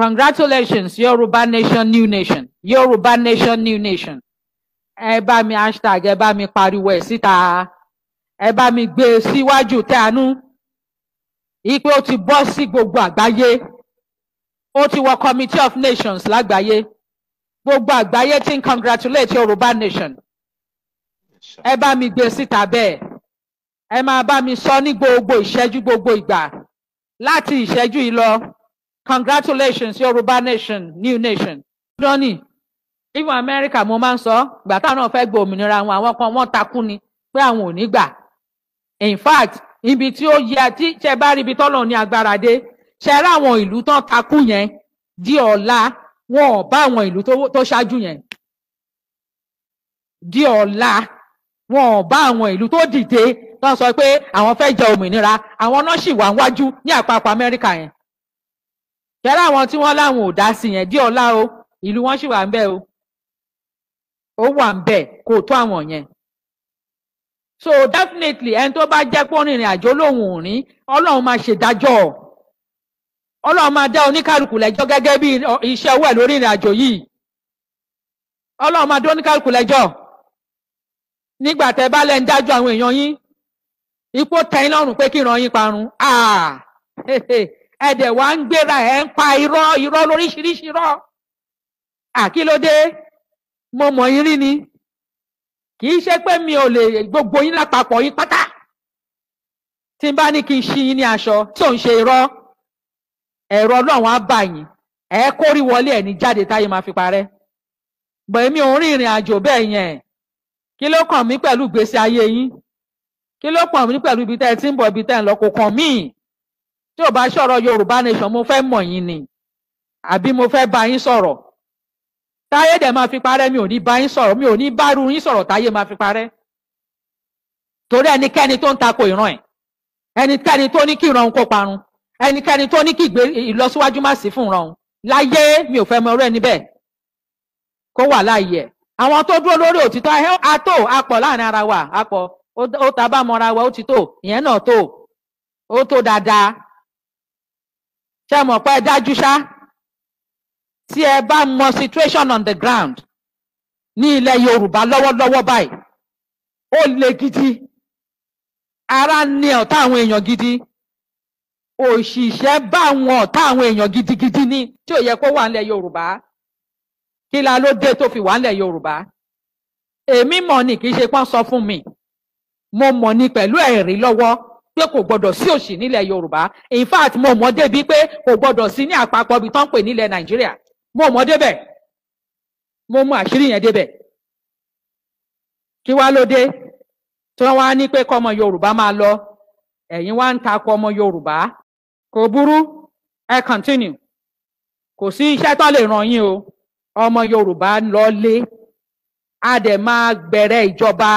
congratulations Yorùbá nation new nation Yorùbá nation new nation ẹ bá mi hashtag ẹ bá mi pariwo ẹ síta ẹ bá mi gbé e síwájú tẹ ipe ó ti bọ́ sí gbogbo àgbáyé ó ti wọ committee of nations lágbàáyé gbogbo àgbáyé ti ń congratulate Yorùbá nation ẹ bá mi gbé e síta bẹ́ẹ̀ ẹ máa bá mi sọ ní gbogbo ìṣẹ́jú gbogbo ìgbà láti ìṣẹ́jú yìí lọ congratulations yorùbá nation new nation lónìí even america mo máa ń sọ ìgbà táwọn náà fẹ́ gba òmìnira wọn àwọn kan wọ́n takú ni pé àwọn ò ní gbà in fact ibi tí ó yẹ tí ṣe bá rí ibi tọ́lọ̀ ní agbára dé ṣe rá àwọn ìlú tán takú yẹn di ọ̀la wọn ò bá àwọn ìlú tó ṣáájú yẹn di ọ̀la wọn ò bá àwọn ìlú tó dìde tán sọ pé àwọn fẹ́ jẹ òmìnira àwọn náà sì wà wájú ní àpapọ̀ amẹ́ríkà yẹn ṣẹ́rẹ́ àwọn tí wọ́n láwọn ò dá sí yẹn dí ọ̀la o ìlú wọn sì wà ń bẹ̀ o ó wà ń bẹ̀ kò tó àwọn yẹn so definitely ẹni tó bá jẹ́ pé ó rìnrìn àjò lòun ò rí ọlọ́run máa ṣèdájọ́ ọlọ́run máa dá oníkálukú lẹ́jọ́ gẹ́gẹ́ bí iṣẹ́ owó ẹ̀ lórí ìrìn àjò yìí ọlọ́run máa dá oníkálukú lẹ́jọ́ nígbà tẹ́ bá lẹ́ ń dájọ́ àwọn èèyàn yín ipò tẹ́yìn lọ́rùn pé kí ìran yín parun ah ẹ̀dẹ̀ wá ń gbéra ẹ̀ ń pa irọ́ irọ́ lóríṣiríṣi irọ́ àkílódé mo mọ̀ yín rí ni kì í ṣe pé mi ò lè gbogbo yín lápapọ̀ yín pátá tí n bá ní kí n ṣí yín ní aṣọ tí ò ń ṣe irọ́ ẹ̀rọ ọlọ́run á bà yín ẹ̀ kórí wọlé ẹ̀ ní jáde táyé máa fi parẹ́ gbẹ̀mí òun rí ìrìn àjò bẹ́ẹ̀ yẹn kí ló kàn mí pẹ̀lú ìgbésí ayé yín kí ló kàn mí pẹ̀lú ibi tẹ́ ẹ ti ń bọ̀ ibi tẹ́ ẹ ń lọ kò kàn míì tí ò bá sọ̀rọ̀ yorùbá nation mo fẹ́ mọ̀ yín ni àbí mo fẹ́ bá yín sọ̀rọ̀ táyé dẹ̀ máa fi parẹ́ mi ò ní bá yín sọ̀rọ̀ mi ò ní bá yín sọ̀rọ̀ táyé máa fi parẹ́ torí ẹnikẹ́ni tó ń tako ìran ẹ̀ ẹnikẹ́ni tó ní kí ìran kó parun ẹnikẹ́ni tó ní kí ìlọsíwájú má sí fún ìran láyé mi ò fẹ́ mọ ọ̀rọ̀ ẹni kó wà láàyè ẹ̀ àwọn tó dúró lórí òtítọ́ àtò àpọ̀ láàrin ara wa àpọ̀ ó ta wa ó ti tó ìyẹn náà tó ó tó dáadáa ṣé ẹ mọ̀ pé ẹ dájú ṣá tí ẹ bá mọ situation on the ground ní ilẹ̀ Yorùbá lọ́wọ́lọ́wọ́ báyìí ó le gidi ara ni ọ̀tá àwọn èèyàn gidi òṣìṣẹ́ bá àwọn ọ̀tá àwọn èèyàn gidigidi ní tí ò yẹ kó wà nílẹ̀ Yorùbá kí la ló dé tó fi wà nílẹ̀ Yorùbá èmi mọ̀ ni kì í ṣe pọ́n sọ fún mi mo mọ̀ ni pẹ̀lú ẹ̀rí lọ́wọ́ pé kò gbọdọ̀ sí òṣì nílẹ̀ yorùbá in fact mo mọ̀ débi pé kò gbọdọ̀ sí ní àpapọ̀ ibi tán pè nílẹ̀ nàìjíríà mo mọ̀ débẹ̀ mo mọ̀ àṣírí yẹn débẹ̀ kí wá ló dé tí wọ́n wá ní pé kọ́mọ yorùbá máa lọ ẹ̀yin wá ń takò ọmọ yorùbá kò burú ẹ continue kò sí iṣẹ́ tó lè ràn yín o ọmọ yorùbá lọ lé a dẹ̀ máa gbẹ̀rẹ̀ ìjọba